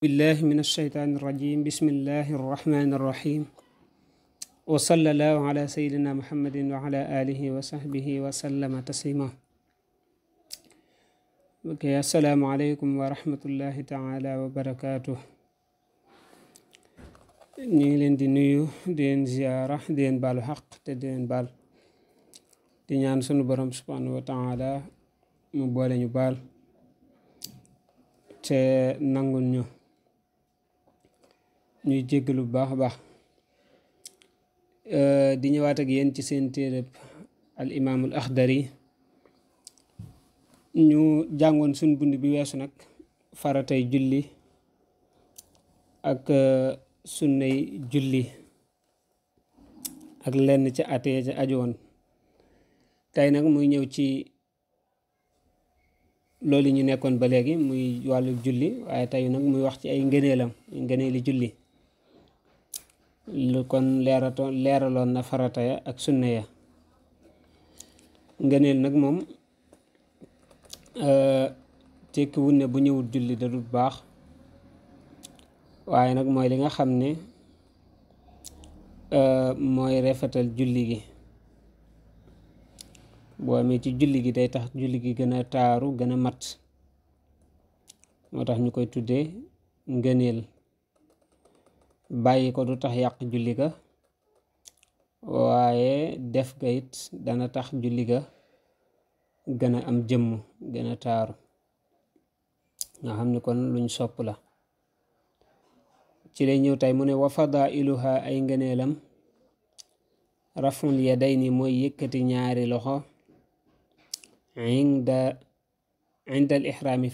billahi min alsheytaan irrajim bismillahi arrahmani irrahim wasala alihi wa sahbihi wa sallama taslima ok assalaamu aleykum wa rahmatullahi taala wa ngi leen di nuyu di leen ziyaara di leen baalu xaq te di leen baal di ñaan sunu borom subhanahu wa mu boole ñu baal te nangul ñu ñuy jéggalu bu baax a baax euh, di ñëwaat ak yéen ci seen téereb al imaamul axdari ñu jàngoon suñ bund bi weesu nag faratay julli ak euh, sunnay julli ak lenn ci atee ca aju woon tey nag muy ñëw ci loolu ñu nekkoon ba léegi muy wàllu julli waaye tey nag muy wax ci ay ngëneelam ngëneeli julli lu kon leeratoon leeraloon na farata ya ak sunna ya ngëneel nag moom euh, tekki ne bu ñëwul julli da dul baax waaye nag mooy li nga xam ne euh, mooy rafetal julli gi boo amee ci julli gi day tax julli gi gën a taaru gën a mat moo tax ñu koy tuddee ngëneel bàyyi ko du tax yàq julli ga waaye def ga it dana tax julli ga gën am jëmm gën a taaru nga xam ni kon luñ sopp la ci lay ñëw tey mu ne wa fadailuha ay ngëneelam raful yadayni mooy yëkkati ñaari loxo inda inda al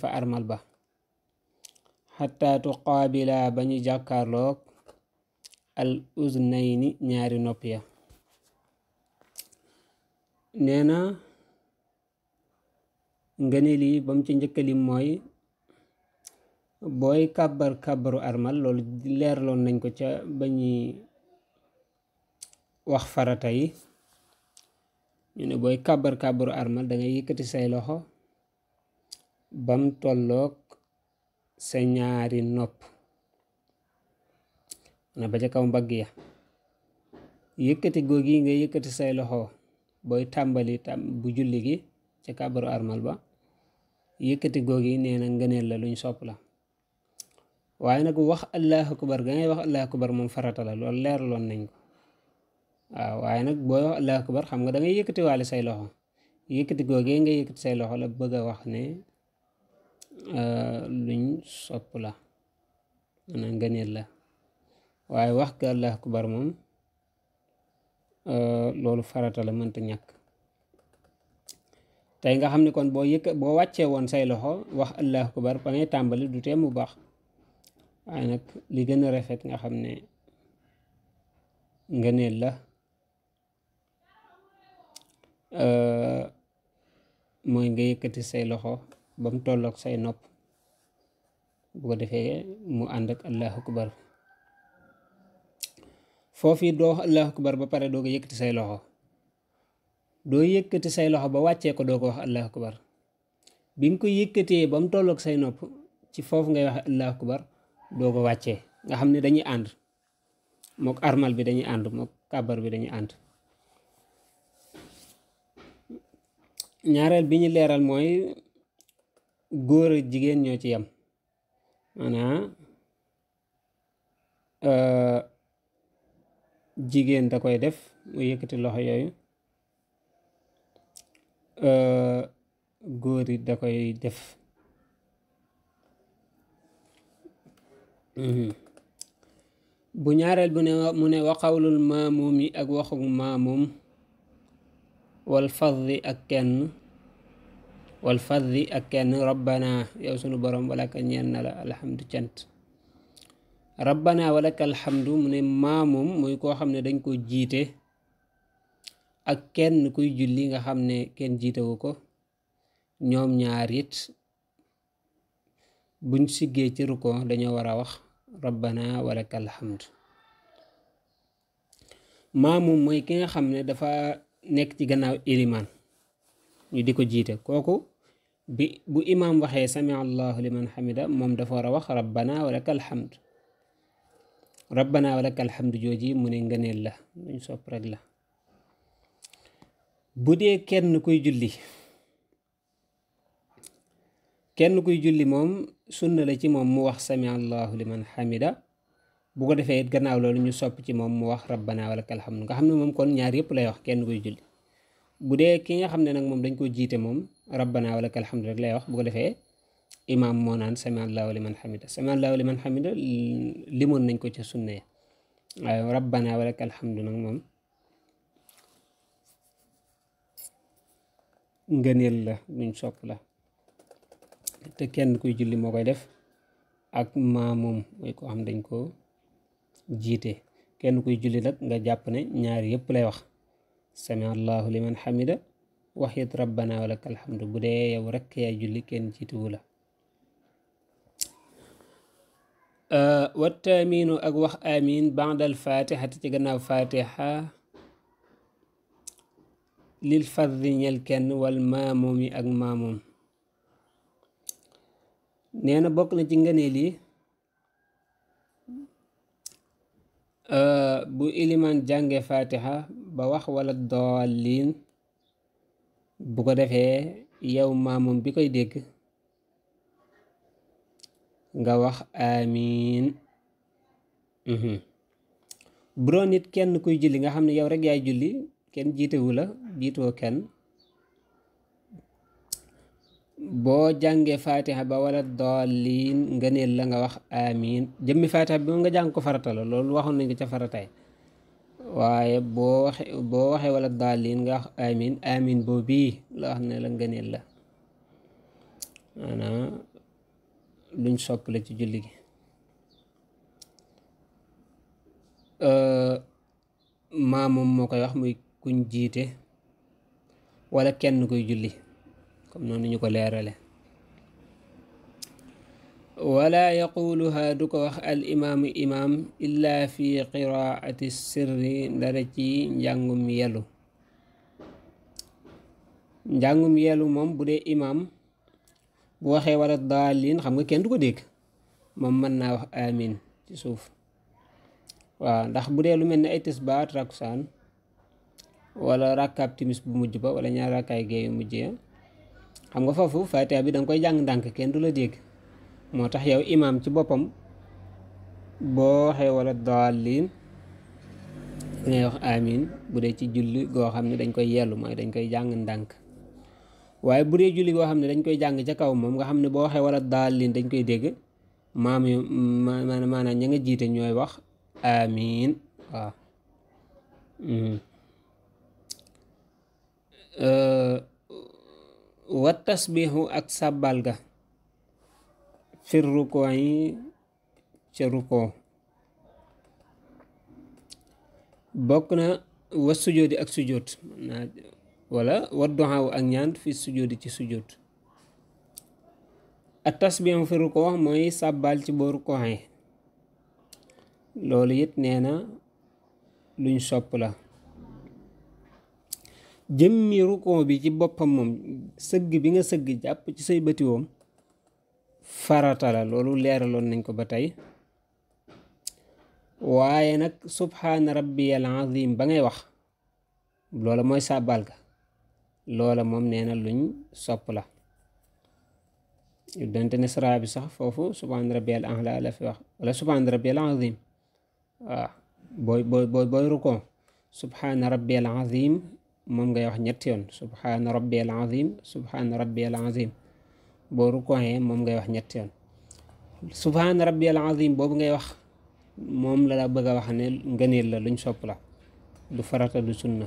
fa armal ba xatta tuqaabila ba ñu jàkkaarloog al uznayni ñaari nopp ya nee na ngëneel yi ba ci njëkkalim mooy booy kabar kabaru armal loolu leerloon nañ ko ca ba ñuy wax farata yi ñu ne booy kàbbar kàbbaru armal dangay yëkkati say loxo bam tolloog sa ñaari nopp na ba ca kaw mbagg ya yëkkati googi nga yëkkati say loxo booy tàmbali tam bu julli gi ca kàbbaru armal ba yëkkati googi nee na ngëneel la luñ sopp la waaye nag wax allahu akbar ga ngay moom farata la loolu nañ ko waaw waaye nag booy wax xam nga da ngay yëkkati say loxo yëkkati googee nga yëkkati say loxo la bëgg a wax ne euh, luñ sopp la maanaam la waaye wax ga allah akbar moom euh, loolu farata la mënta ñàkk tey nga xam ne kon boo yëkk boo wàccee woon say loxo wax allah akbar ba ngay tàmbali du tee mu baax waaye nag li gën a rafet nga xam ne ngëneel la euh, mooy nga yëkkati say loxo ba mu tollook say nopp bu ko defee mu ànd ak allahu akbar foofu doo wax allahu akbar ba pare doo ko yëkkati say loxo doo yëkkati say loxo ba wàccee ko doo ko wax allahu akbar bi nga ko yëkkatee ba mu tollook say nopp ci foofu ngay wax allahu akbar doo ko wàccee nga xam ni dañuy ànd mook armal bi dañuy ànd mook kàbbar bi dañuy ànd ñaareel bi ñu leeral mooy góor ak jigéen ñoo ci yem euh, jigéen da koy def mu yëkkati loxo yooyu góori da koy def mhm. bu ñaareel bu ne mu ne waxawlul maamuum yi ak waxu maamuum wal faddi ak kenn wal faddi ak kenn rabbana yow sunu borom wala ka ñeen na la alhamdu cant rabbana walaka alhamdu mu ne maa moom mooy koo xam ne dañ ko jiite ak kenn kuy julli nga xam ne kenn jiitewu ko ñoom ñaar it buñ siggee ci dañoo war a wax rabbana walaka alhamdu maa moom mooy ki nga xam ne dafa nekk ci gannaaw ilimaan ñu di ko jiite kooku bi bu imaam waxee sami allahu liman xamida moom dafa war a wax rabbana walaka alhamdu rabbana walaka alhamdu jooji mu ne ngëneel la luñ sopp rek la bu dee kenn kuy julli kenn kuy julli moom sunna la ci moom mu wax sami allahu liman xamida bu ko defee it gannaaw loolu ñu sopp ci moom mu wax rabbana walaka alhamdu nga xam ne moom kon ñaar yëpp lay wax kenn kuy julli bu dee ki nga xam ne nag moom dañ ko jiite moom rabbana walaka alhamdu rek lay wax bu ko defee imaam moo naan sami allahu liman xamida sami allahu liman xamida limoon nañ ko ca sunna ya waaye rabbana walaka alhamdu nag moom ngëneel la luñ sopp la te kenn kuy julli moo koy def ak maamum mooy ko xam dañ ko jiite kenn kuy julli nag nga jàpp ne ñaar yëpp lay wax sami allahu liman xamida waxit rabbana walaka alhamdu bu dee yow rekk yaay julli kenn jiitiwu la wattaaminu ak wax amin bandal fatixati ci gannaaw fatixa lil fardi ñel kenn wal maamoom yi ak maamoom nee bokk na ci ngëneel yi euh, bu ilimaan jànge fatixa ba wax wala doolin bu ko defee yow maamoom bi koy dégg nga wax amiin mhm. bu nit kenn kuy julli nga xam ne yow rek yaay julli kenn jiitewu la jiitoo kenn boo jàngee faatiha ba wala doolin nga neel la nga wax amiin jëmmi faatiha bi moom nga jàng ko farata la loolu waxoon nañ ko ca farataay waaye boo waxe boo waxee wala daalin nga wax amiin amiin boobu la wax ne la ngëneel la luñ sopp la ci julli gi maa moo koy wax muy kuñ jiite wala kenn kuy julli comme noonu ñu ko leerale wala yaquluha du ko wax al imaamu imaam illa fi qiraati sirri ndara ci njàngum yelu njàngum yelu moom bu dee imaam bu waxee wala daalin xam nga kenn du ko dégg moom mën naa wax amin ci suuf waaw ndax bu dee lu mel ni ay tisbaar rakusaan walla rakkaab timis bu mujj ba wala ñaar rakkaay gee yu mujj xam nga foofu fatiha bi da nga koy jàng ndànk kenn du la dégg moo tax yow imaam ci boppam boo waxee wala daalin ngay wax amin bu dee ci julli goo xam ne dañ koy yellu mooy dañ koy jàng ndànk waaye bu dee julli boo xam ne dañ koy jàng ca kaw moom nga xam ne boo waxee wala daal leen dañ koy dégg maam maanaa maanaam ña nga jiite ñooy wax amiin waaw hmm. wa ak sàbbal ga fir rukoo yi ca rukoo bokk na wa sujjóoti ak sujjóot wala wa duxaaw ak ñaan fi sujjóoti ci sujjóot ak tasbihu fi rukoo mooy sàbbaal ci boo rukooxee loolu it nee na luñ sopp la jëmmi rukoo bi ci boppam moom sëgg bi nga sëgg jàpp ci say bëtiwoom farata la loolu leeraloon nañ ko ba tey waaye nag subhaana rabbiyal azim ba ngay wax loolu mooy sàbbaal ga loola moom nee na luñ sopp la donte ne sara sax foofu subhaana rabbiyal a'la la fi wax wala subhaana rabbiyal azim waaw booy booy booy booy rukon subhaana moom ngay wax ñetti yoon subhaana rabbiyal azim subhaana rabbiyal moom ngay wax ñetti yoon subhaana rabbiyal boobu ngay wax moom la la bëgg a wax ne ngëneel la luñ sopp la du farata du sunna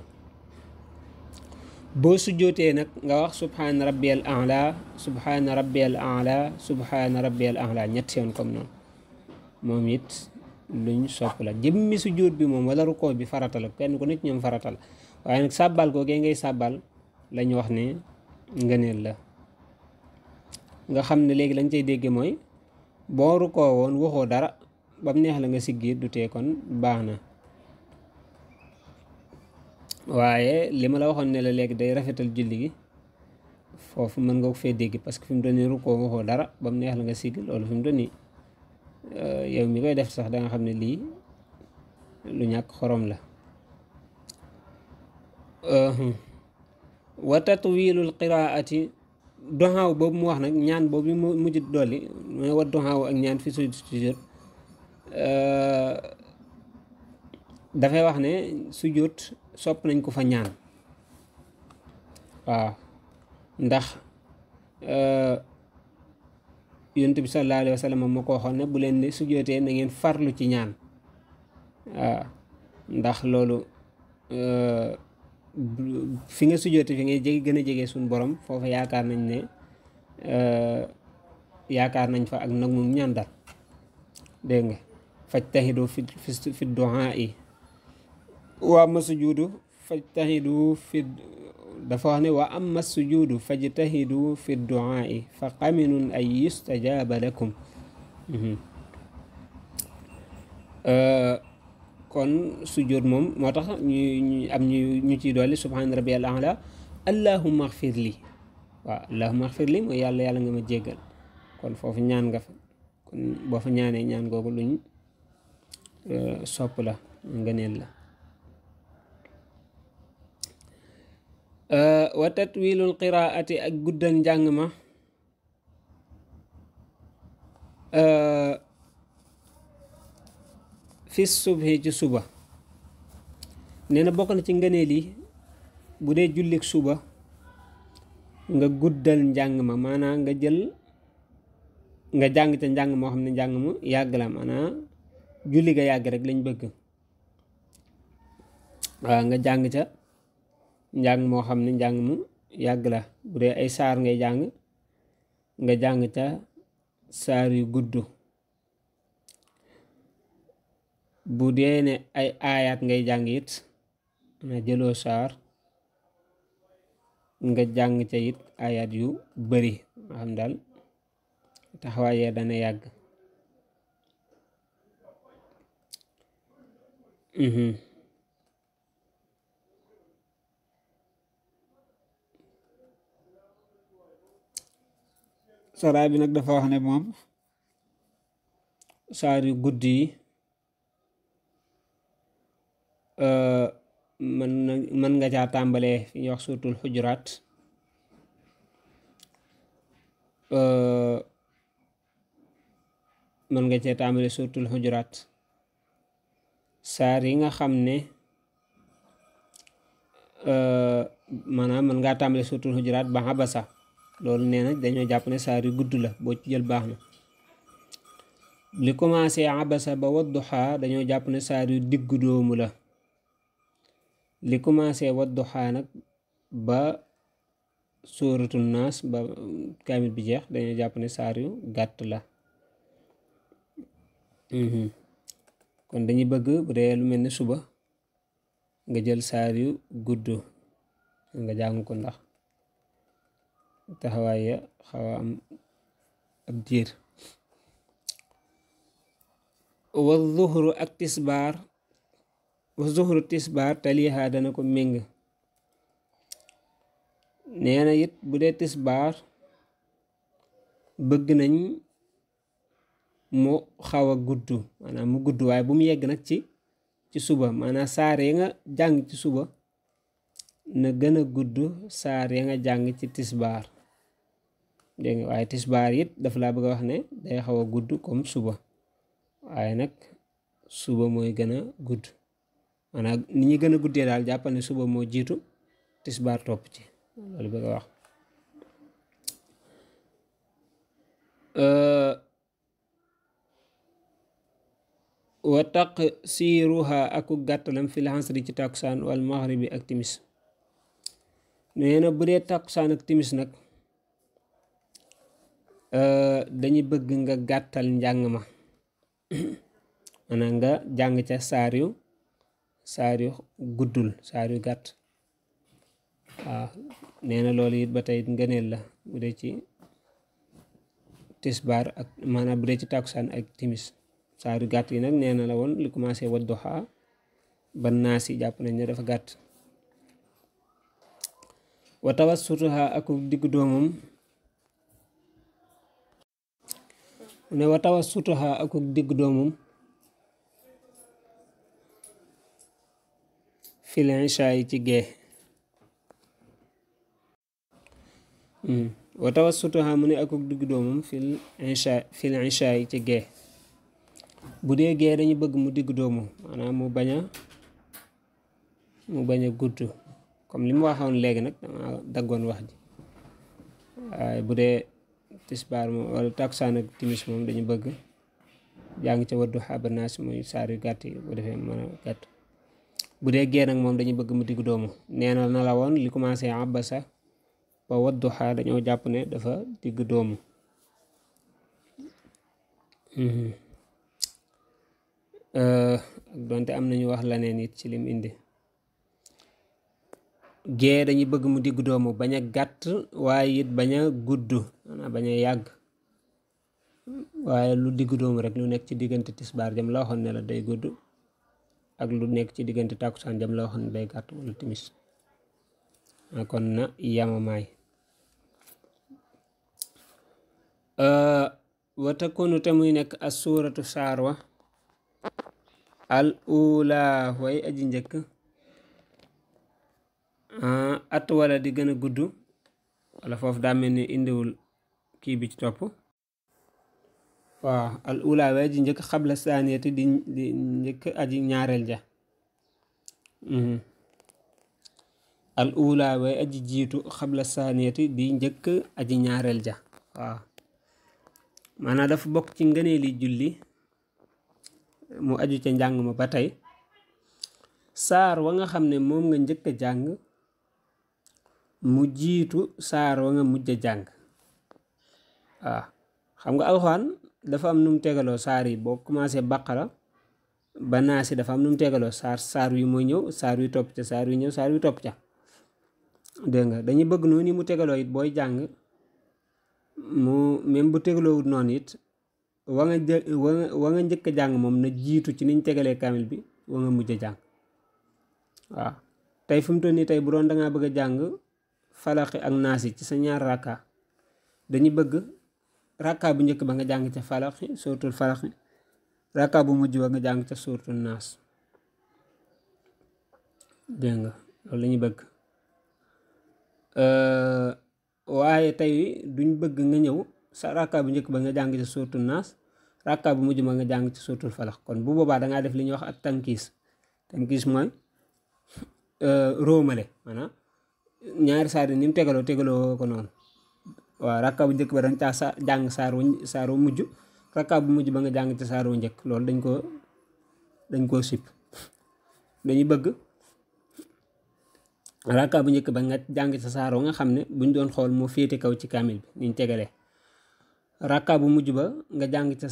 boo sujjootee nag nga wax subhaana rabbiyal a'la subhaana rabbiyal a'la subhaana rabbiyal a'la ñett yoon comme noonu moom it luñ sopp la jëmmi sujjoot bi moom wala rukoo bi farata kenn ku nit ñoom faratal la waaye nag sàbbal googee ngay sàbbal lañ wax ne ngëneel la nga xam ne léegi lañ cay dégge mooy boo rukoo woon waxoo dara bam neex la nga siggiir du tee kon baax na waaye li ma la waxoon ne la léegi day rafetal julli gi foofu mën nga ko fee dégg parce que fi mu doon nii rukkoo waxoo dara ba mu neex la nga sigg loolu fi mu doon nii euh, yow mi koy def sax danga xam ne lii lu ñàkk xorom la wa tatwilul doxaaw boobu mu wax nag ñaan boobu mu mujj dolli mooy wa doxaaw ak ñaan fi sujud euh, dafay wax ne sujud sopp nañ ko fa ñaan waaw ndax euh, yonent bi sallallahu alayhi wa sallam ko waxoon ne bu leen di sujjootee na ngeen farlu ci ñaan waaw ndax loolu euh, fi nga sujjootee fi ngay jege gën a jege suñu borom foofu yaakaar nañ ne euh, yaakaar nañ fa ak nag mu ñaan dal dégg faj taxidu fi fi du'aa yi waa ma sujuudu fajtahidu fi dafa wax ne wa amma sujuudu fajtahidu fi duaai fa qaminun an yustajaaba lakum mhm. euh, kon sujuud moom moo tax ñu am ñu ñu ciy dolli subhaana rabbiyal a'la allahumma xfir li waaw allahumma xfir li mooy yàlla yàlla nga ma jéggal kon foofu ñaan nga fa kon boo fa ñaanee ñaan googu luñ euh, sopp la ngëneel la Euh, wa tatwilul qiraati ak guddal njàng ma euh, fi subhi ci suba nee na bokk na ci ngëneel yi bu dee jullik suba nga guddal njàng ma maanaa nga jël nga jàng ca njàng moo xam ne njàng mu yàgg la maanaa julli yàgg rek lañ bëgg waaw nga jàng ca njàng moo xam ne njàng mu yàgg la bu dee ay saar ngay jàng nga jàng ca saar yu gudd bu dee ne ay aayaat ngay jàng it na jëloo saar nga jàng ca it aayaat yu bari nga xam daal taxawaayee dana yàgg mhm. saraa bi nag dafa wax ne moom saar yu gudd yi euh, mën nga caa tàmbalee fi ñuy wax suutul xujuraat euh, mën nga cee tàmbalee suutul xujuraat saar yi nga xam ne euh, maanaam mën ngaa tàmbalee suutul xujuraat ba xabasa loolu nee na dañoo jàpp ne saar yu gudd la boo ci jël baax na li commencé abasa ba wadduxaa dañoo jàpp ne saar yu diggu doomu la li commencé wadduxaa nag ba sóoratul naas ba kaamil bi jeex dañoo jàpp ne saar yu gàtt la mhm. kon dañuy bëgg bu dee lu mel ni suba nga jël saar yu gudd nga jàng ko ndax taxawaay ya am ab diir wa zuhru ak tisbaar wa dana ko méng neena it bu dee tisbaar bëgg nañ mu xaw a gudd maanaam mu gudd waaye bu mu yegg nag ci ci suba maanaam saar ya nga jàng ci suba na gën a gudd saar ya nga jàng ci tisbaar dégg nga waaye tisbaar it dafa laa bëgg a wax ne day xaw a gudd comme suba waaye nag suba mooy gën a gudd maanaam ni ñuy gën a guddee daal jàppal ne suba moo jiitu tisbaar topp ci loolu bëgg a wax wa taq siiruha aku gàttalam fi ci tàkkusaan wal maxribi ak timis nee na bu dee tàkkusaan ak timis nag Euh, dañu bëgg nga gàttal njàng ma maanaam nga jàng ca saar yu saar yu guddul saar yu gàtt waaw nee na loolu it ba tey ngëneel la bu dee ci tisbaar ak maanaam bu dee ci takkusaan ak timis saar yu gàtt yi nag nee na la woon li commencé Wadduha ba naas yi jàpp nañ ne dafa gàtt wa tawassutuha ak diggu doomam mu ne wa tawassutuha ak digg doomam filin hmm. saa mu ne ak digg doomam fil incha fil incha yi ci gee bu dee gee dañu bëgg mu digg doomu maanaam mu bañ mu bañ a gudd comme li mu waxoon léegi nag dama daggoon wax ji waaye bu dee tisbaar moom wala takusaan ak timis moom dañu bëgg jàng ca waddu xabanaas muy saar yu gàtt yi bu defee dee gée nag moom dañu bëgg mu digg doomu neena na la woon li commencé abasa ba waddu xaa dañoo jàpp ne dafa digg doomu ak mhm. donte am nañu wax laneen it ci lim indi gée dañu bëgg mu digg doomu bañ a gàtt waaye it bañ a gudd maanaam bañ yàgg waaye lu digg doomu rek lu nekk ci diggante tisbaar jam la waxoon ne day gudd ak lu nekk ci diggante tàkkusaan jam la waxoon ne day ah, ah, muy nekk as suuratu way aji njëkk ah, at wala di gën a gudd wala foofu daa mel ni indiwul kii bi ci topp waaw al ula way ji njëkk xabla saaniyati di njëkk aji ñaareel ja mhm. al ula way dafa bokk ci ngëneeli julli mu aju ca njàng ma ba tey saar wa nga xam ne moom nga njëkk a jàng mu jiitu saar wa nga mujj a jàng waaw ah. xam nga alxuraan dafa am nu mu tegaloo saar yi boo commencé baqara ba naasi dafa am nu mu tegaloo saar saar wi mooy ñëw saar wi topp ca saar wi ñëw saar wi topp ca dégg nga dañuy bëgg noonu mu tegaloo it booy jàng mu même bu tegaloowut noonu it wa nga jë wa moom na jiitu ci niñ tegalee kaamil bi waa nga mujj a jàng waaw tey fi mu toll nii tey bu doon danga bëgg a jàng falaxi ak naasi ci sa ñaar rakka dañu bëgg rakka bu njëkk ba nga jàng ca falaxi suratul falaxi rakka bu mujj ba nga jàng ca suratul naas dégg nga loolu la ñu bëgg waaye tey duñ bëgg nga ñëw sa bu njëkk ba nga jàng ca suratul naas rakka bu mujj ba nga jàng ca suratul falax kon bu boobaa dangaa def li ñuy wax ak tankiis tankiis mooy róomale maanaam ñaari saar ni mu tegaloo tegaloo ko noonu waaw rakka bu njëkk ba da nga sa jàng saar wu mujj rakka bu mujj ba nga jàng ci saar njëkk loolu dañ koo dañ koo sip dañuy bëgg rakka bu njëkk ba nga jàng ci saar wu nga xam ne buñ doon xool moo féete kaw ci kaamil bi niñ tegalee rakka bu mujj ba nga jàng ca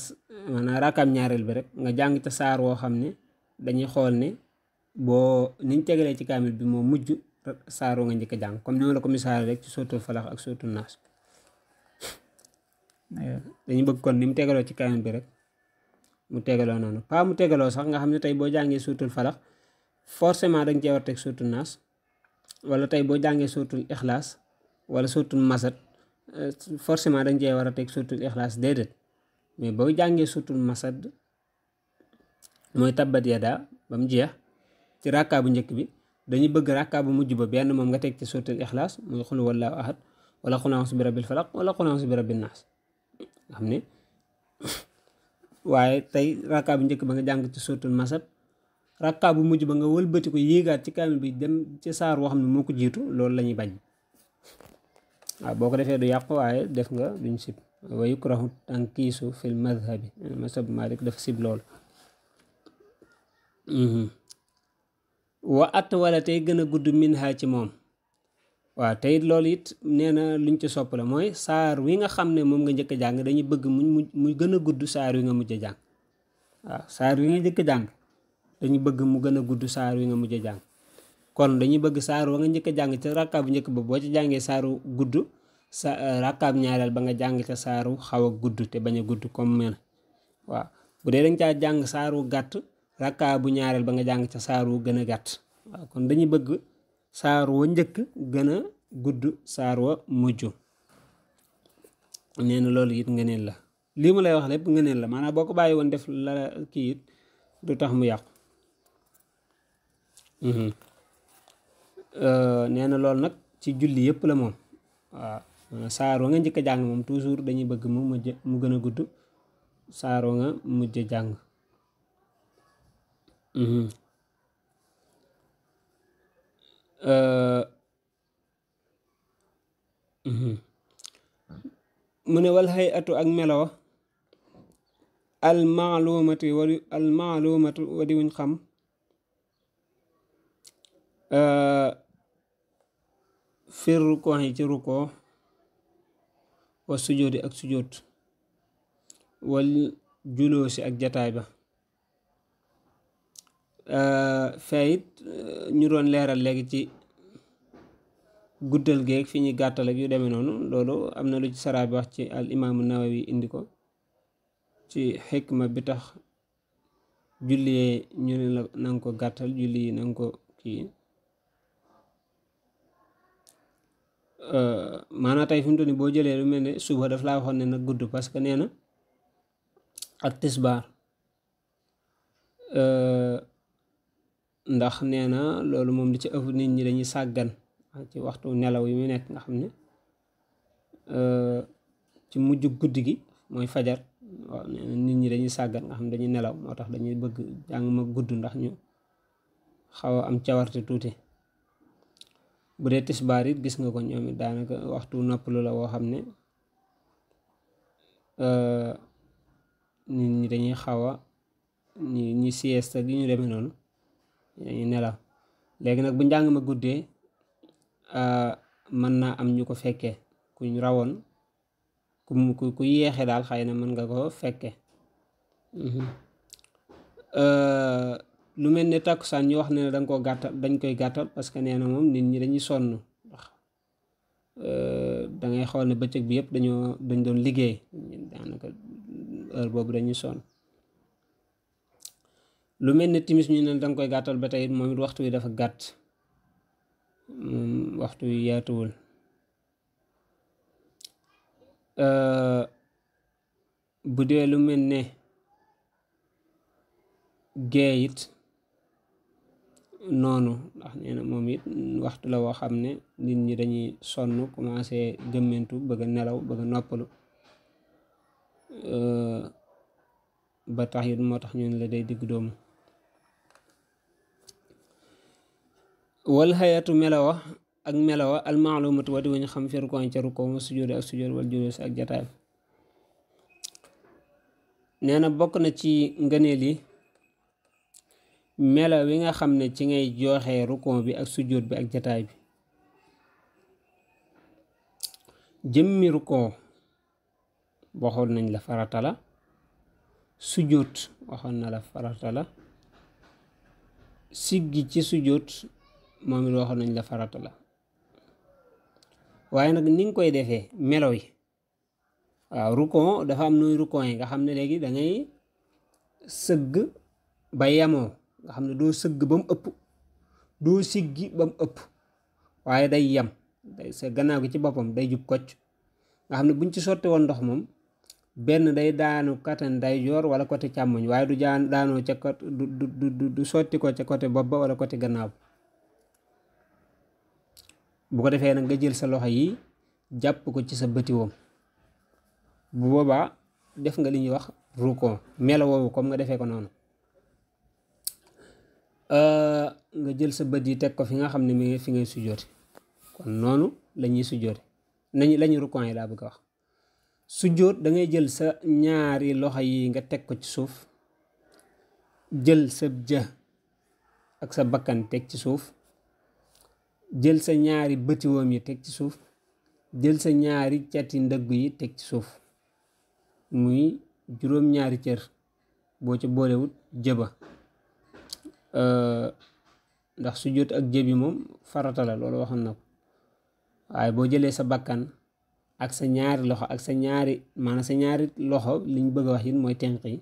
maanaam ñaareel bi rek nga jàng ca saar woo xam ne dañuy xool ni boo niñ tegalee ci kaamil bi moo mujj saaroo nga njëkk a jàng comme ni ma la ko misaale rek ci sootul falax ak sootul naas dañu bëgg kon ni mu tegaloo ci kaamil bi rek mu tegaloo noonu pas mu tegaloo sax nga xam ne tey boo jàngee suutul falax forcément dañ cee war teg suutul wala tey boo jàngee suutul ixlaas wala suutul masad eh, forcément dañ cee war a teg suutul ixlaas déedéet mais boo jàngee suutul masad mooy tabbat yada ba mu jeex ci rakkaa bu njëkk bi dañu bëgg rakkaa bu mujj ba benn moom nga teg ci suutul ixlaas muy xul wallaahu ahad wala xul a'uuzu bi rabbil falaq wala xul a'uuzu bi rabbin naas xam ne waaye tey rakkaa bu njëkk ba nga jàng ci suratul masad rakkaa bu mujj ba nga wëlbati ko yéegaat ci kaamil bi dem ci saar woo xam ne moo ko jiitu loolu lañuy ñuy bañ waaw boo ko defee du yàq waaye def nga duñ sib wa yukrahu tankiisu fil madhabi masab malik dafa sib loolu mhm. wa at wala tey gën a gudd min ci moom waaw tey it loolu it nee na luñ ci sopp la mooy saar wi nga xam ne moom nga njëkk a jàng dañuy bëgg mu mu gën a gudd saar wi nga mujj a jàng waaw saar wi nga njëkk a jàng dañu bëgg mu gën a gudd saar wi nga mujj a jàng kon dañuy bëgg saar wa nga njëkk a jàng ca rakkaab bu njëkk ba boo ci jàngee saaru gudd sa euh, rakkaab ñaareel ba nga jàng ca saaru xaw a gudd te bañ a gudd comme mel waaw bu dee danga caa jàng saaru gàtt rakkaab bu ñaareel ba nga jàng ca saaru gën a gàtt waaw kon dañuy bëgg saar wa njëkk gën a gudd saar wa mujj nee na loolu it ngëneel la lii mu lay wax lépp ngëneel la maanaam boo ko bàyyi woon def la kii it du tax mu yàqu mhm. euh, nee na loolu nag ci julli yëpp la moom waaw saar wa nga njëkk a jàng moom toujours dañuy bëgg mu mujj mu gën a gudd saar wa nga mujj jàng mhm. Mhm. mu ne wal hay atu ak melo al maalumati wadi al maalumatu wadi wuñ xam fir rukoo yi ci rukoo wa sujoodi ak sujood wal juloosi ak jataay ba Euh, fee it euh, ñu doon leeral léegi ci guddal geeg fi ñuy gàttal ak yu demee noonu loolu am na lu ci saraa bi wax ci al imaamu nawawi indi ko ci xikma bi tax julli yee ñu ne la nanga ko gàttal julli yi nanga ko kii euh, maanaa tey fi mu toll nii boo jëlee lu mel ne suba daf laa waxoon ne nag gudd parce que nee na ak tisbaar ndax nee na loolu moom di ci ëpp nit ñi dañuy sàggan ci waxtu nelaw yi muy nekk nga xam ne euh, ci mujj guddi gi mooy fajar nit ñi dañuy sàggan nga xam dañuy nelaw moo tax dañuy bëgg jàng ma gudd ndax ñu xaw a am cawarte tuuti bu dee tisbaar it gis nga ko ñoom it daanaka waxtu noppalu la woo xam ne euh, nit ñi dañuy xaw a ñi ñi sieste gi ñu demee noonu dañuy nelaw léegi nag bu njàng ma guddee ah, mën naa am ñu ko fekkee kuñ rawoon ku ku ku yéexe daal xëy na mën nga ko fekke mhm. ah, lu mel ni ne takkusaan ñu wax ne ne danga ko gàttal dañ koy gàttal parce que nee na moom nit ñi dañuy sonn wax ah, da ngay ne bëccëg bi yëpp dañoo dañ doon liggéey daanaka heure boobu dañuy sonn lu mel ne timis ñu ne danga koy gàttal ba tey it moom it waxtu wi dafa gàtt mm, waxtu wi yaatuwul bu dee lu mel ne gee noonu ndax waxtu la woo xam ne nit ñi dañuy sonn commencé gëmmentu bëgg nelaw bëgg noppalu ba tax it moo tax ñu ne la day digg doomu wal xayaatu melawa ak melawa almaalumatu wati wuñu xam fi rukoon ca rukoo ma sujjóot ak sujjóot wal julus ak nee na bokk na ci ngëneel yi melaw wi nga xam ne ci ngay joxee bi ak sujjóot bi ak jataay bi jëmmi rukon waxoon nañ la farata la sujjóot waxoon na la farata la siggi ci sujjóot moom it waxoon nañ la farata la waaye nag ni koy defee melaw yi waaw rukon dafa am nuy rukon yi nga xam ne léegi da sëgg ba yemoo nga xam ne doo sëgg ba mu ëpp doo siggi ba ëpp waaye day yem sa gannaaw gi ci boppam day jub kocc nga xam ne buñ ci sotti woon ndox moom benn day daanu katan day joor wala côté càmmoñ waaye du jaan daanoo ca du du du sotti ko ca côté bopp ba wala côté gannaaw bu ko defee nag nga jël sa loxo yi jàpp ko ci sa bëti woom bu boobaa def nga li ñuy wax ruko melo woowu comme nga defee ko noonu nga jël sa bët yi teg ko fi nga xam ne mi ngi fi ngay sujoote kon noonu la ñuy sujoote nañu la ñu ruko yi laa bëgg a wax sujoot da ngay jël sa ñaari loxo yi nga teg ko ci suuf jël sa jë ak sa bakkan teg ci suuf jël sa ñaari bëtiwoom yi teg ci suuf jël sa ñaari cati ndëgg yi teg ci suuf muy juróom-ñaari cër boo ci boolewut jëba ndax su jot ak jëbi moom farata la loolu waxoon na ko waaye boo jëlee sa bakkan ak sa ñaari loxo ak sa ñaari maanaam sa ñaari loxo liñ bëgg a wax it mooy tenq yi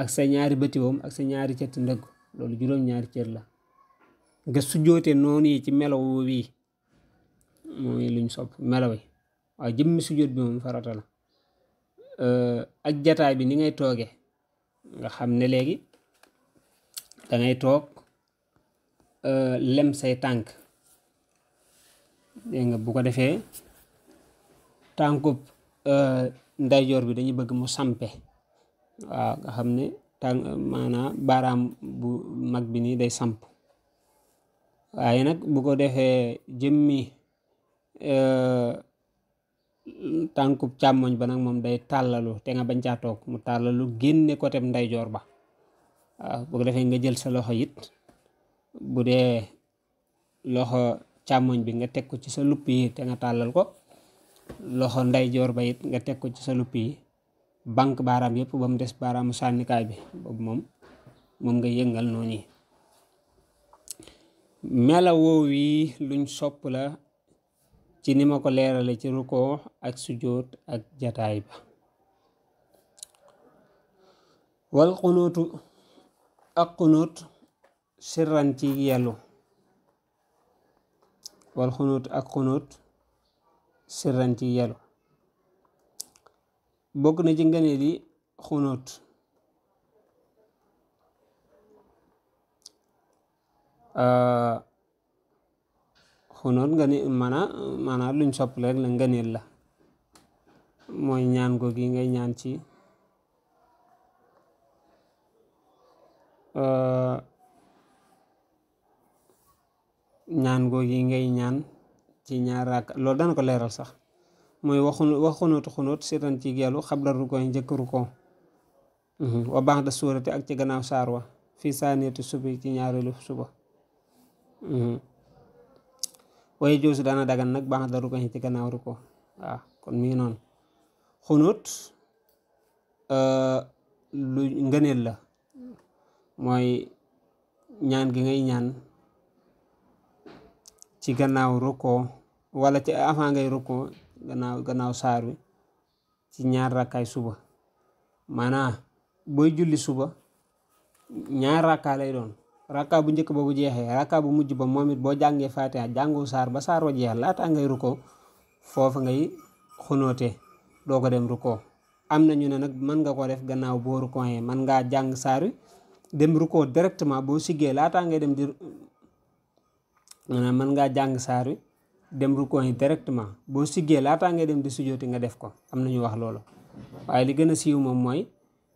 ak sa ñaari bëtiwoom ak sa ñaari cati ndëgg loolu juróom-ñaari cër la nga sujjoote noonu yi ci melaw wii mooy luñ sopp melaw yi waaw jëmmi sujjoot bi moom farata la eh, ak jataay bi ni ngay tooge nga xam ne léegi dangay toog eh, lem say tànk dégg nga bu ko defee tànkub eh, ndeyjoor bi dañuy bëgg mu sampe waaw nga xam ne tànk maanaam baaraam bu mag bi nii day samp waaye nag bu ko defee jëmmi euh, tànkub càmmoñ ba nag moom day tàllalu te nga bañ caa toog mu tàllalu génne côté ndeyjoor ba waaw bu defee nga jël sa loxo it bu dee loxo càmmoñ bi nga teg ko ci sa lupp yi te nga tàllal ko loxo ndeyjoor ba it nga teg ko ci sa lupp yi banque baaraam yëpp ba mu des baaraamu sànnikaay bi boobu moom moom nga yëngal noonu melawoo wi luñ sopp la ci ni ma ko leerale ci rukoo ak sujjóot ak jataay ba wal xunuutu ak xunuut sirran ci yellu wal xunuut ak ci yellu bokk na ci ngëneel yi xunuut xunoot ah, nga ni mana maanaam luñ sopp rek la ngëneel la mooy ñaan ko gi ngay ñaan ci ah, ñaan googi ngay ñaan ci ñaar raak loolu daan ko leeral sax mooy waxu wax xunóotu xunóot seetaan ci geelu xabla rukon njëkk rukon mhm. wa baax da suurati ak ci gannaaw saar wa fii saaniyatu subi ci ñaareelu suba Mhm. waaye joosu daana dagan nag baax daru ko ci gannaaw ru ko waaw kon mi ngi noonu xunut euh, lu ngëneel la mooy ñaan gi ngay ñaan ci gannaaw rukkoo walla ci avant ngay rukkoo gannaaw gannaaw saar ci ñaar rakkaay suba maanaa booy julli suba ñaar rakkaa lay doon rakka bu njëkk ba bu jeexee rakka bu mujj ba moom it boo jàngee fatiha jàngu saar ba saar wa jeex laataa ngay rukkoo foofa ngay xunóote doo ko dem rukkoo am na ñu ne nag mën nga ko def gannaaw boo mën ngaa jàng saar wi dem rukkoo directement boo siggee laataa ngay dem di maanaam mën ngaa jàng saar wi dem yi directement boo siggee laataa ngay dem di nga def ko am na ñu wax loolu waaye li gën a siiw moom mooy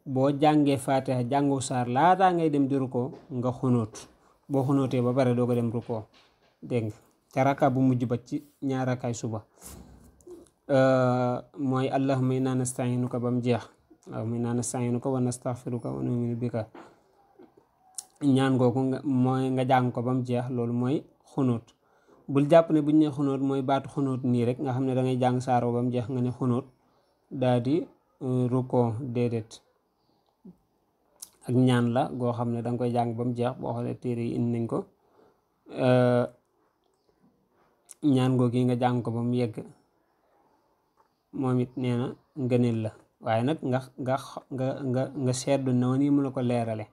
boo jàngee faatiha jàngu saar laataa ngay dem di rukkoo nga xunóot boo xunóotee ba pare doo ko dem rukkoo dégg nga bu mujj ba ci ñaar rakaay suba euh, mooy allahumma inna nasta'inuka ba mu jeex allahumma inna nasta'inuka wa nastaghfiruka wa nu'minu bika ñaan googu mooy jàng ko ba mu jeex loolu mooy xunóot bul jàpp ne bu ñu mooy baatu xunóot nii rek nga xam ne da jàng saaroo ba jeex nga ne xunóot daal di euh, ak ñaan la goo xam ne danga koy jàng ba mu jeex boo xoolee téere yi indi nañ ko ñaan googu yi nga jàng ko ba mu yegg moom it nee na ngëneel la waaye nag nga nga nga nga seetlu mu la ko leerale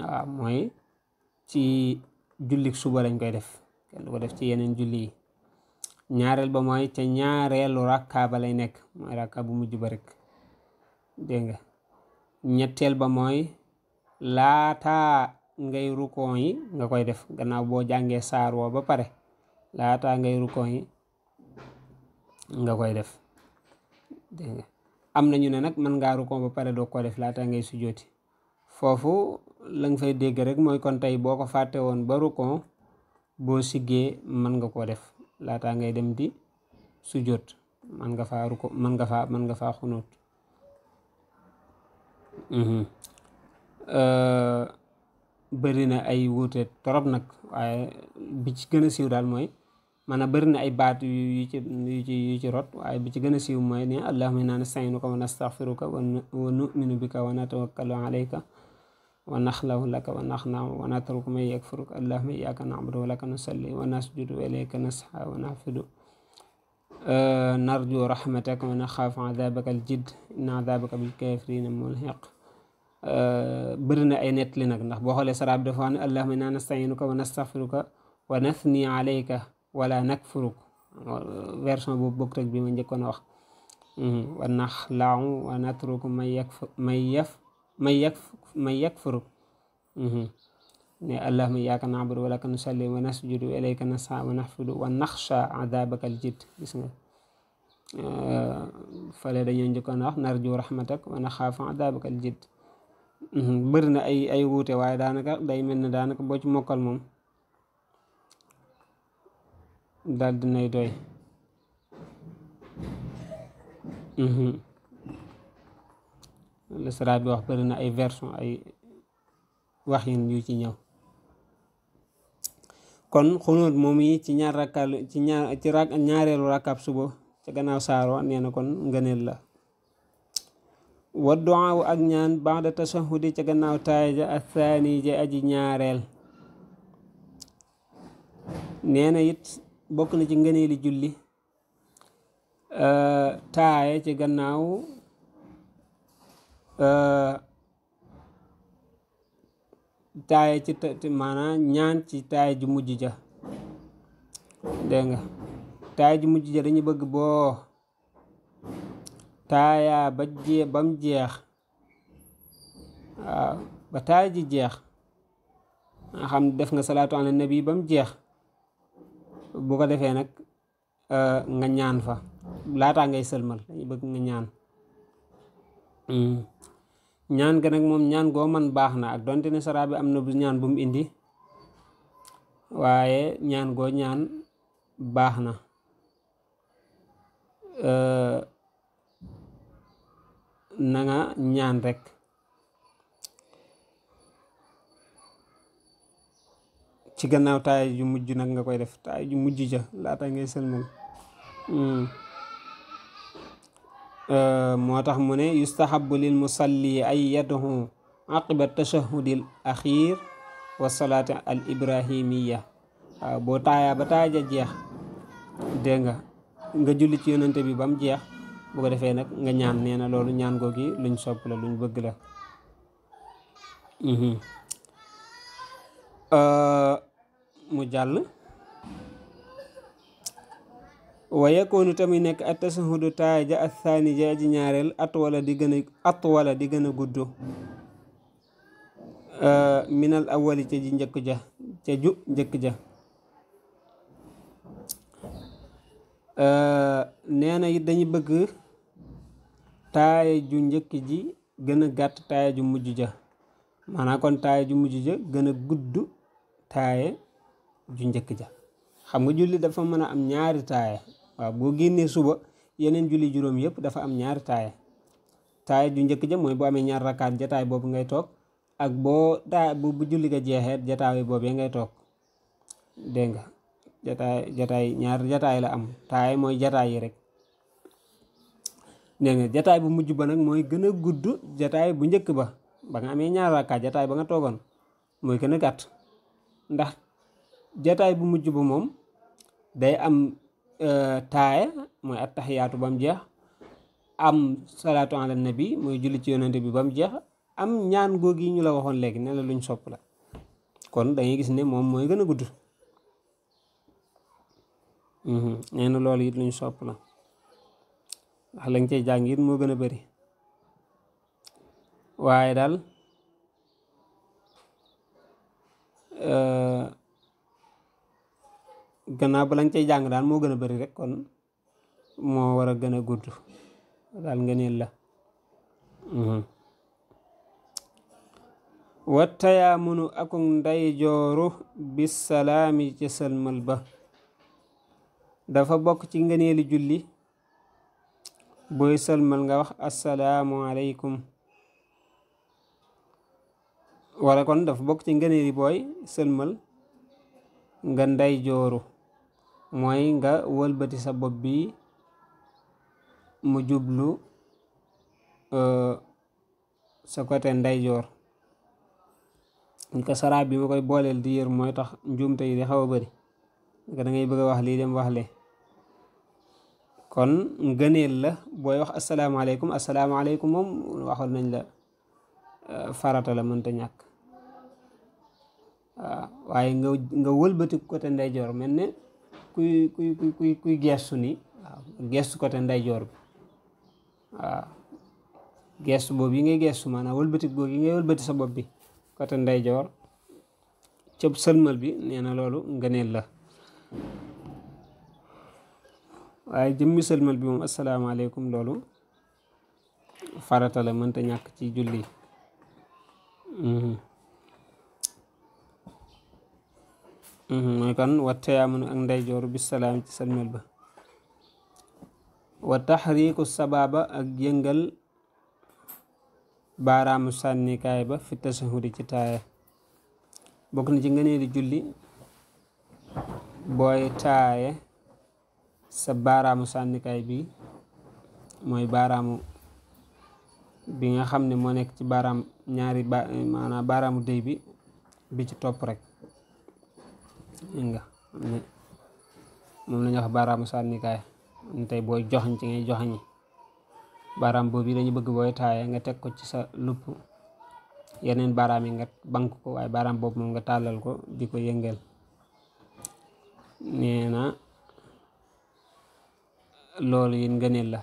waaw mooy ci jullik suba lañ koy def kenn du ko def ci yeneen julli yi ñaareel ba mooy ca ñaareelu rakkaa lay nekk mooy rakkaa bu mujj ba rek dégg ñetteel ba mooy laata ngay rukon yi nga koy def gannaaw boo jàngee saar woo ba pare laataa ngay rukon yi nga koy def am na ñu ne nag mën ngaa rukon ba pare doo ko def laataa ngay sujjooti foofu la nga fay dégg rek mooy kon tey boo ko fàtte woon ba rukon boo siggee mën nga koo def laataa ngay dem di sujjoot mën nga faa ruko mën nga fa mën nga faa Mhm. Euh, bëri na ay wuute torop nag waaye bi ci gën a siiw daal mooy maanaam bëri na ay baat yu ci yu ci yu ci rot waaye bi ci gën a siiw mooy ne allahumma inna nasta'inuka wa nastaghfiruka wa nu'minu bika wa natawakkalu laka wa naxnaa wa natruku man yakfuruka allahumma iyyaka na'budu wa laka nusalli wa nasjudu wa ilayka nas'a wa nahfidu euh, narju rahmataka wa naxaafu adabaka al jidd adabaka bil kafirina mulhiq bëri na ay nettali nag ndax boo xoolee sara bi dafa wax ne allahumma inna nasta'inuka wa nastaghfiruka wa nathni alayka wala nakfuruk version boobu bokk rek bi ma njëkkoon a wax mhm. wa naxla'u wa natruku man yakf man yaf man yakf man yakfuruk mhm. ne allahumma iyyaka na'budu wa laka nusallimu wa nasjudu wa ilayka nas'a wa nahfidu wa nakhsha 'adabaka al-jidd gis nga fale dañoo njëkkoon a wax narju rahmatak wa naxaafu 'adabaka al-jidd Mhm, bëri na ay ay wuute waaye daanaka day mel ne daanaka boo ci mokkal moom daal dinay doy mhm. lisra bi wax bëri na ay version ay waxin yu ci ñëw kon xunóot moom yi ci ñaar rakkaalu ci ñaar ci ñaareelu rakkaab suba ca gannaaw saaro nee na kon ngëneel la wa duwaaw ak ñaan baada tashahudi ca gannaaw taaya ja ak thaani ja aji ñaareel nee na it bokk na ci ngëneeli julli euh, taaya euh, ci gannaaw taaya ci maanaam ñaan ci taaya ji mujj ja dégg nga ji mujj ja dañu bëgg boo taayaa ba jee bam jeex waaw ba taay ji jeex nga xam def nga salaatu ala nabi ba mu jeex bu ko defee nag euh, nga ñaan fa laataa ngay sëlmal dañu bëgg nga ñaan hmm. ñaan ga nag moom ñaan goo man baax na ak donte ne saraa bi am na bu ñaan bu mu indi waaye ñaan goo ñaan baax na euh, na nga ñaan rek ci gannaaw taay ju mujj nag nga koy def taay ju mujj ja laata ngay sëlmal hmm. euh, moo tax mu ne yustahabu lil musalli ay yadahu aqiba tashahudil axiir wa al ibrahimiya boo taayaa ba taaya jeex dégg nga nga julli ci yonante bi ba mu jeex bu ko defee nag nga ñaan nee na loolu ñaan googi luñ sopp la luñ bëgg la mhm. mu jàll wa yakoonu tamit nekk at tasahudu taay ja ak saani ja aji ñaareel at wala di gën a at wala di gën a gudd minal awali ca ji njëkk ja ca ju njëkk ja nee na it bëgg taaya ju njëkk ji gën a gàtt taaya ju mujj ja manaa kon taaya ju mujj ja gën a gudd taaya ju njëkk ja xam nga julli dafa mën a am ñaari taaya waaw boo génnee suba yeneen julli juróom yëpp dafa am ñaari taaya taaya ju njëkk ja mooy boo amee ñaar rakaat jataay boobu ngay toog ak boo taa bu julli ga jeexee jataay boobee ngay toog dégg nga jataay jataay ñaar jataay la am taaya mooy jataay yi rek nee na jataay bu mujj ba nag mooy gën a gudd jataay bu njëkk ba ba nga amee ñaar rakkaat jataay ba nga toogoon mooy gën a gàtt ndax jataay bu mujj ba moom day am euh, taaya mooy attaxiyaatu ba mu jeex am salaatu ala bi mooy julli ci yonante bi ba mu jeex am ñaan góog yi ñu la waxoon léegi ne la luñ sopp la kon dangay gis ne moom mooy gën a gudd nee na loolu it luñ sopp la ndax lañ cey jàng moo gën a bari waaye daal eh, gannaaw ba lañ cey jàng daal moo gën a bari rekk moo war a gën a gudd daal ngëneel la mhm. wattayaa munu akuk nday jooru bis salaami ci sëlmal ba dafa bokk ci ngëneeli julli booy sëlmal nga wax asalaamualeykum wala kon daf bokk ci ngëneeli booy sëlmal nga nday jooru mooy nga walbati sa bopp bi mu jublu euh, sa côté nday joor ñu ko saraab bi ma koy booleel di yër mooy tax njuumte yi di xaw a bari nga ngay bëgg a wax lii dem wax le kon ngëneel la booy wax asalaamaaleykum asalaamaaleykum moom waxoon nañ la euh, farata la mënta ñàkk waaw waaye nga nga wëlbati côté ndeyjoor mel ne kuy kuy kuy kuy gestu ni waaw gestu côté ndeyjoor bi waaw gestu boobu yi ngay gestu maanaam wëlbati boobu yi ngay wëlbati sa bopp bi côté ndeyjoor cëb sëlmal bi nee na loolu ngëneel la waaye jëmmi sëlmal bi moom asalaamaaleykum loolu farata mënta ñàkk ci julli mhm. Mhm, mooy kon watta yaamunu ak ndeyjooru bisalaam ci sëlmal ba wa taxriiku sabaaba ak yëngal baaraamu sànnikaay ba fi tasahudi ci taaya bokk na ci ngëneeli julli booy taaye sa baaraamu sànnikaay bi mooy baaraamu bi nga xam ne moo nekk ci baaraam ñaari ba baaraamu dëy bi bi ci topp rek nga moom la ñuy wax baaraamu sànnikaay ne tey booy joxañ ci ngay joxañi baaraam boobu yi dañu bëgg booy taaye nga teg ko ci sa lupp yeneen baaraam yi nga bank ko waaye baaraam boobu moom nga tàllal ko di ko yëngal nee loolu yi ngëneel la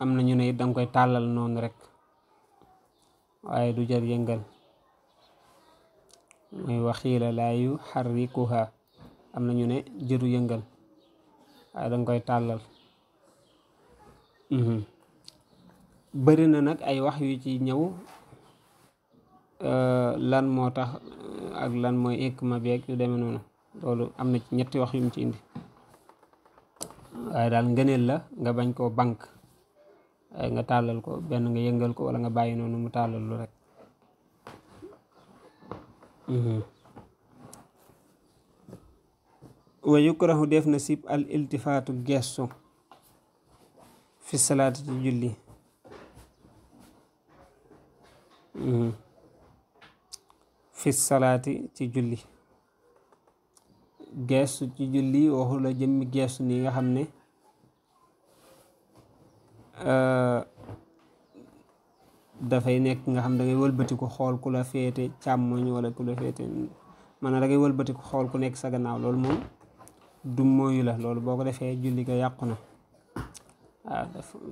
am na ñu ne it danga koy tàllal noonu rek waaye du jar yëngal mooy waxiila laa yu xarrikuha am na ñu ne jëru yëngal waaye danga koy tàllal bëri na nag ay wax yu ci ñëw lan moo tax ak lan mooy ikma beeg yu demee noonu loolu am na ci ñetti wax yu ci indi waaye daal ngëneel la nga bañ koo bank nga tàllal ko benn nga yëngal ko walla nga bàyyi noonu mu tàllal lu rek mhm. wa yukrahu def na sib al iltifaatu gestu fi salaati ci julli mhm. fi salaati ci julli geestu ci julli waxu la jëmmi geestu nii nga xam ne euh, dafay nekk nga xam da ngay wëlbatiku xool ku la féete càmmoñ wala ku la féete maanaam da ngay wëlbatiku xool ku nekk sa gannaaw loolu moom du mooyu la loolu boo ko defee julli ga yàqu na waaw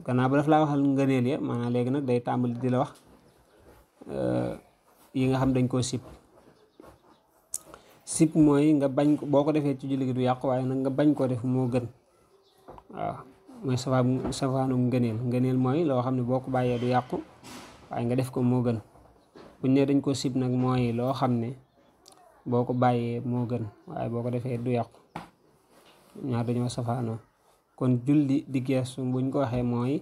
gannaaw ba daf laa waxal ngëneel ya maanaam léegi nag day tàmbali di la wax euh, yi nga xam dañ koo sip sip mooy nga bañ ko boo ko defee ci julli gi du yàqu waaye nag nga bañ koo def moo gën waaw mooy safaan safaanum ngëneel ngëneel mooy loo xam ne boo ko bàyyee du yàqu waaye nga def ko moo gën buñ ne dañ ko sib nag mooy loo xam ne boo ko bàyyee moo gën waaye boo ko defee du yàqu ñaar dañoo safaanoo kon julli di geestu buñ ko waxee mooy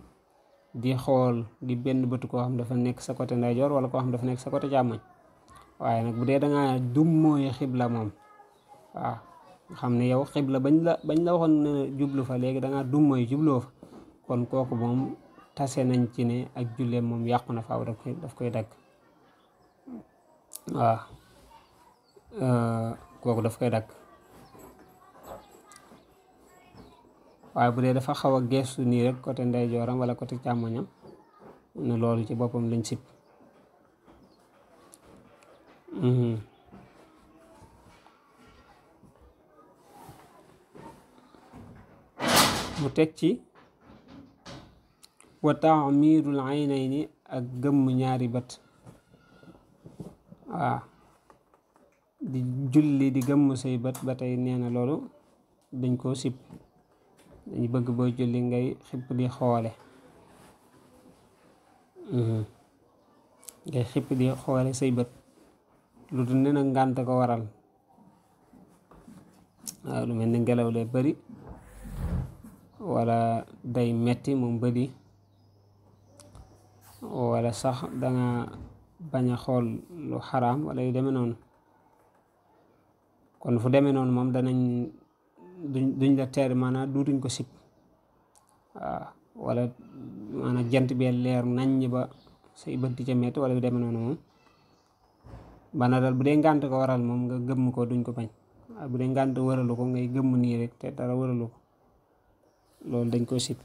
di xool di benn bëtu koo xam dafa nekk sa côté ndeyjoor wala koo xam dafa nekk sa côté càmmoñ waaye nag bu dee da ngaa xibla moom waaw nga xam ne yow xibla bañ la bañ la waxoon jublu fa léegi da ngaa jubloo fa kon kooku moom tase nañ ci ne ak julleem moom yàqu na faaw daf koy daf koy dagg euh, kooku daf koy dagg waaye bu dee dafa xaw a geestu nii rek côté ndeyjooram wala côté càmmoñam ne loolu ci boppam lañ sib Mm-hmm. mu teg ci wa taamirul ni ak gëmm ñaari bët waaw di julli di gëmm say bët ba tey nee na loolu dañ koo sib dañu bëgg boo julli ngay xipp di xoole mm-hmm. ngay xipp di xoole say bët lu dul ne nag ngànt ko waral waaw lu mel ni ngelaw lay bëri wala day metti moom bëri wala sax danga bañ xool lu xaraam wala yu demee noonu kon fu demee noonu moom danañ duñ duñ la teer maanaa duutuñ ko sib waaw wala maanaam jant bi leer naññ ba say bët di ca metti wala yu deme noonu moom bana dal bu dee ngànt ko waral moom nga gëmm ko duñ ko bañ bu dee ngànt waralu ko ngay gëmm nii rek te dara waralu ko loolu dañ koo sip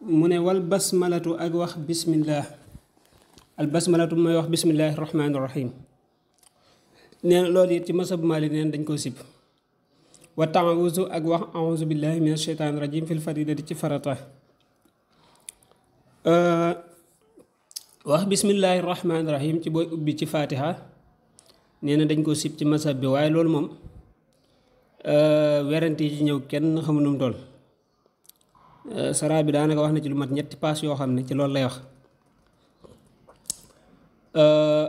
mu ne wal basmalatu ak wax bismillah al basmalatu mooy wax bismillahi rahmaani rahim neen loolu it ci masab Maalik neen dañ koo sib wa taawuzu ak wax auzu billahi min asheytaani rajim fil faridati ci farata wax bismillaahi rahmaani rahim ci booy ubbi ci faatiha nee na dañ koo sib ci masab bi waaye loolu moom euh, werante yi ci ñëw kenn xamu nu mu toll euh, saraa bi daanaka wax na ci lu mat ñetti paas yoo xam ne ci loolu lay wax euh,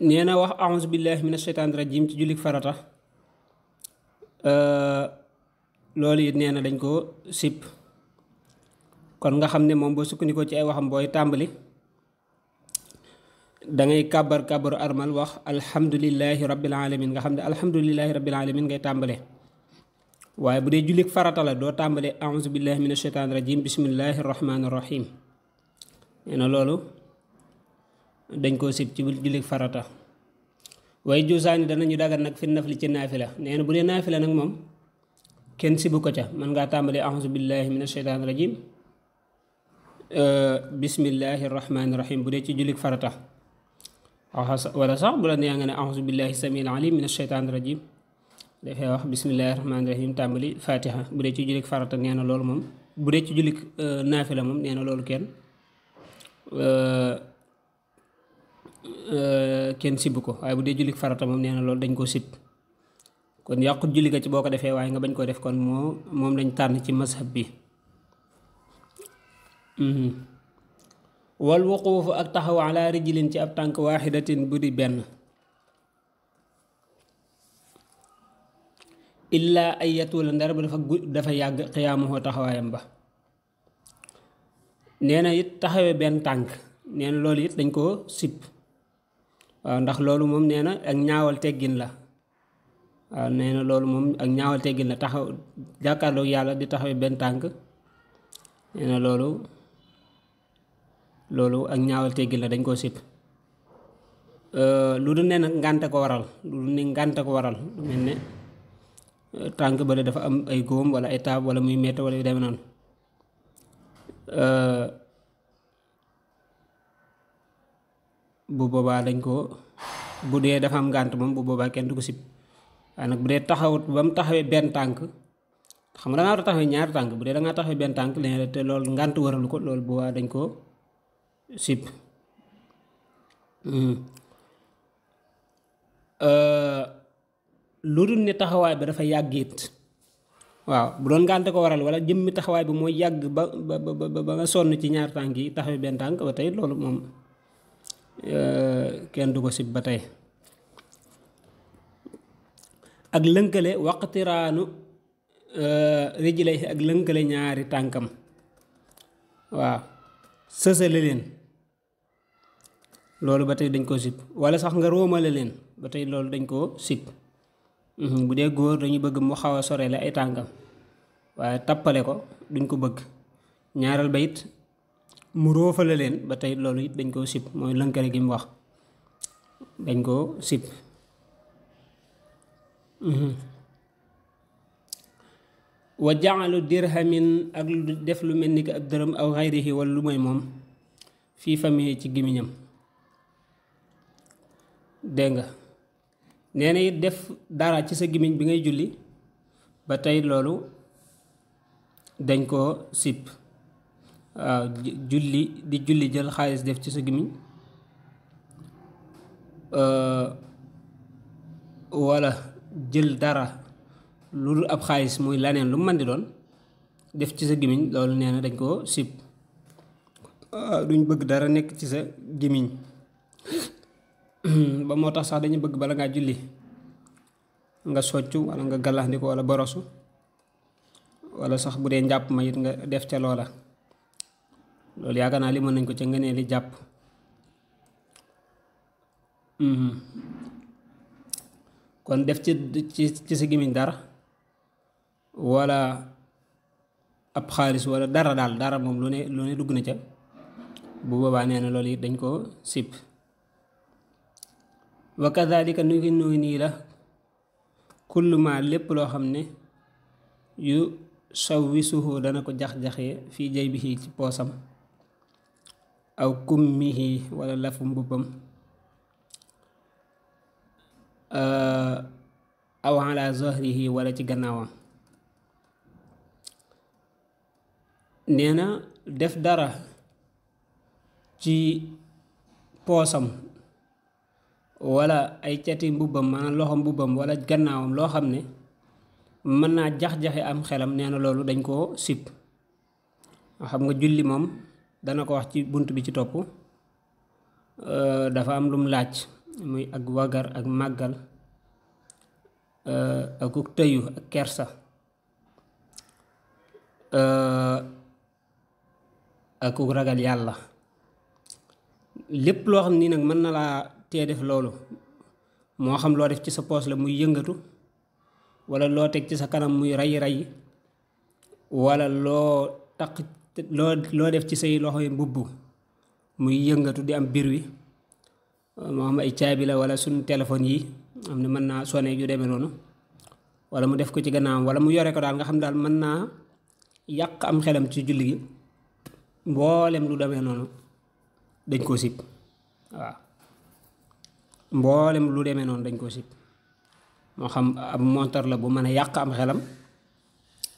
nee na wax auzu billaahi mina sheytaani rajiim ci jullit farata loolu it nee na dañ koo sib kon nga xam ne moom boo sukkandikoo ci ay waxam booy tàmbali da ngay kàbbar kàbbaru armal wax alhamdulilahi rabbil alamin nga xam ne alhamdulilahi rabbil alamin ngay tàmbale waaye bu dee jullik farata la doo tàmbale auzu billahi min asheytaani rajim bismillahi rahmaani rahim nee na loolu dañ koo sib ci jullik farata waaye jusaani ñu dagal nag fi nafli ci naafila nee bu dee naafila nag moom kenn sibu ko ca mën ngaa tàmbalee auzu billahi min asheytaani Euh, bismillahi rahmaani rahim bu dee ci jullik farata wala sax bu la neex nga ne aouzu billahi samil alim min asheytaan rajim dafay wax bismillahi rahmaani rahim tàmbali fatiha bu dee ci jullik farata nee na loolu moom bu dee ci jullik euh, la moom nee na loolu kenn euh, kenn sibb ko waaye bu dee jullik farata moom nee na loolu dañ koo sib kon yàqut julli ga ci boo ko defee waaye nga bañ koo def kon moo moom lañ tànn ci mazhab bi Mhm. wal wuquufu ak taxaw ala rijlin ci ab tànk waaxidatin bu di benn illaa ay yatula ndara ba dafa gudd dafa yàgg xiyaamuhu taxawaayam ba nee na it taxawee benn tànk nee na loolu it dañ koo sip waaw ndax loolu moom nee na ak ñaawal teggin la waaw nee loolu moom ak ñaawal teggin la taxaw jàkkaarloog yàlla di taxawee benn tànk nee loolu loolu ak ñaawal teggin la dañ koo sib euh, lu du ne nag ngànte ko waral lu du ne ngànte ko waral lu mel ne euh, tànk bale dafa am ay góom wala ay taab wala muy mett wala yu demee noonu euh, bu boobaa dañ ko bu dee dafa am ngànt moom bu boobaa kenn du ko sib waaye nag bu dee taxawut ba mu taxawee benn tànk xam nga da ngaa war a taxawee ñaari tànk bu dee da ngaa taxawee benn tànk léeg te loolu ngànt waralu ko loolu boobaa dañ ko sip hmm. euh, lu dul ne taxawaay ba dafa yàgg it waaw bu doon ngànte ko waral wala jëmmi taxawaay bi mooy yàgg ba ba ba ba nga sonn ci ñaar tànk yi taxaw benn tànk ba tey loolu moom euh, kenn du ko sib ba tey ak lënkale waqtiraanu euh, rijlay ak lënkale ñaari tànkam waaw sësale leen loolu ba tey dañ koo sib wala sax nga róomale leen ba tey loolu dañ koo sib mhm, bu dee góor dañuy bëgg mu xaw a sore la ay tànkam waaye tappale ko duñ ko bëgg ñaaral ba it mu róofale leen ba tey loolu it dañ koo sib mooy lënkare gi mu wax dañ koo sib mhm. wa jaalu dirhamin ak lu def lu mel ni ki ab dërëm aw xayrihi wala lu may moom fii famille ci gimiñam dégg nga nee def dara ci sa gimiñ bi ngay julli ba tey loolu dañ koo sipp waaw julli di julli jël xaalis def ci sa gimiñ wala jël dara lu dul ab xaalis muy laneen lu mu mën di doon def ci sa gémmiñ loolu nee na dañ koo sib ah, duñ bëgg dara nekk ci sa gémmiñ ba moo tax sax dañu bëgg bala ngaa julli nga soccu wala nga gàllaxndiku wala borosu wala sax bu dee njàpp ma it nga def ca loola loolu yaakaar naa li mën nañ ko ca ngënee li jàpp kon def ci ci ci sa gémmiñ dara wala ab xaalis wala dara daal dara moom lu ne lu ne dugg na ca bu boobaa nee na loolu it dañ koo sib wa kadalika nu ngi nuy nii la kullu lépp loo xam ne yu sawwisuhu dana ko jax-jaxee fii jay bi jaybihi ci poosam aw kummihi wala lafu mbubbam euh, aw ala zahrihi wala ci gannaawam nee na def dara ci poosam wala ay cati mbubbam maanaam loxo mbubbam walla gannaawam loo xam ne mën naa jax-jaxe am xelam nee na loolu dañ koo sip xam nga julli moom dana ko wax ci bunt bi ci topp euh, dafa am lum laaj muy ak wagar ak màggal euh, akuk tëyu ak kersa euh, ak ku ragal yàlla lépp loo xam nii nag mën na laa te def loolu moo xam loo def ci sa poos la muy yëngatu wala loo teg ci sa kanam muy rayi rayi wala loo taq loo loo def ci say loxo yi mbubb muy yëngatu di am biir wi moo xam ay caabi la wala suñu téléphone yi am ni mën naa sone yu demee loolu wala mu def ko ci gannaaw wala mu yore ko daal nga xam daal mën naa yàq am xelam ci julli gi mboolem lu demee noonu dañ koo sib waaw mboolem lu demee noonu dañ koo sib moo xam ab montar la bu mën a yàq am xelam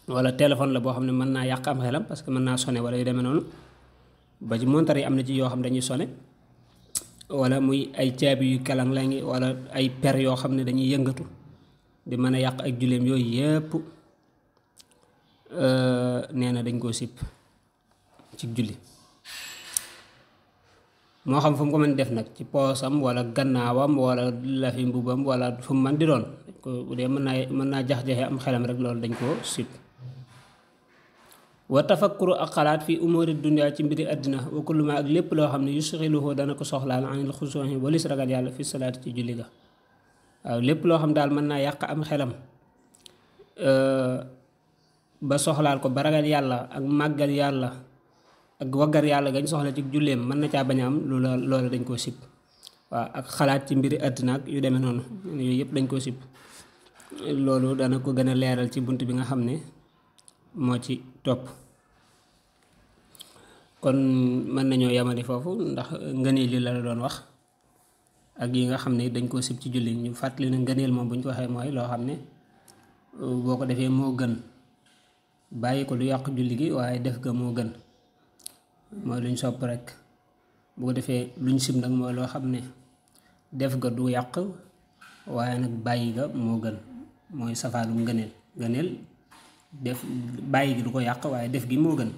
wala téléphone la boo xam ne mën naa yàq am xelam parce que mën naa sone wala yu noonu ba ci montar yi am na ci yoo xam dañuy sone wala muy ay ceeb yu kalang langi walla ay per yoo xam ne dañuy yëngatu di mën a yàq ak julleem yooyu yépp euh, nee na dañ koo sib ci julli moo xam fu mu ko mën def nag ci poosam wala gannaawam wala lafi mbubam wala fu mu di doon bu dee mën naa mën naa jax-jaxe am xelam rek loolu dañ koo sib wa tafakkuru ak xalaat fi umuri dunia ci mbiri àddina wa kullu ma ak lépp loo xam ne yusxiluhu dana ko soxlaal anil xusuuhi walis ragal yàlla fi salaati ci julli ga waaw lépp loo xam daal mën naa yàq am xelam euh, ba soxlaal ko ba ragal yàlla ak màggal yàlla ak waggar yàlla gañ soxla ci julleem mën na caa bañ a am loola loola dañ koo sib waaw ak xalaat ci mbiri àddina ak yu demee noonu yooyu yëpp dañ koo sib loolu dana ko gën a leeral ci bunt bi nga xam ne moo ci topp kon mën nañoo yamali foofu ndax ngëneel li la la doon wax ak yi nga xam ne dañ koo sib ci julli ñu fàttali na ngëneel moom bu ñu ko waxee mooy loo xam ne boo ko defee moo gën bàyyi ko lu yàq julli gi waaye def ko moo gën mooy luñ sopp rek bu ko defee luñ sim nag mooy loo xam ne def ga du yàq waaye nag bàyyi ga moo gën mooy safaanum ngëneel gëneel def bàyyi gi du ko yàq waaye def gi moo gën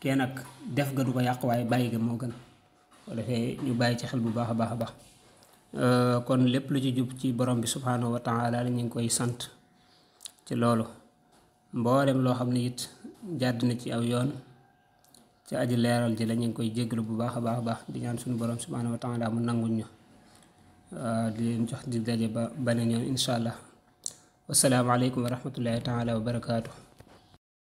kee nag def ga du ko yàq waaye bàyyi ga moo gën bu ko defee ñu bàyyi ci xel bu baax a baax a baax euh, kon lépp lu ci jub ci borom bi subhaanahu wa taala la ñu ngi koy sant ci loolu mboolem loo xam ne it jàdd na ci aw yoon ci aji leeral ji la ñu ngi koy jégalu bu baax a baax a baax di ñaan suñu borom subhaanahu wa taala mu nanguñ ñu ah, di leen jox di daje ba beneen yoon incha allah wasalaamaaleykum wa rahmatullahi taala wa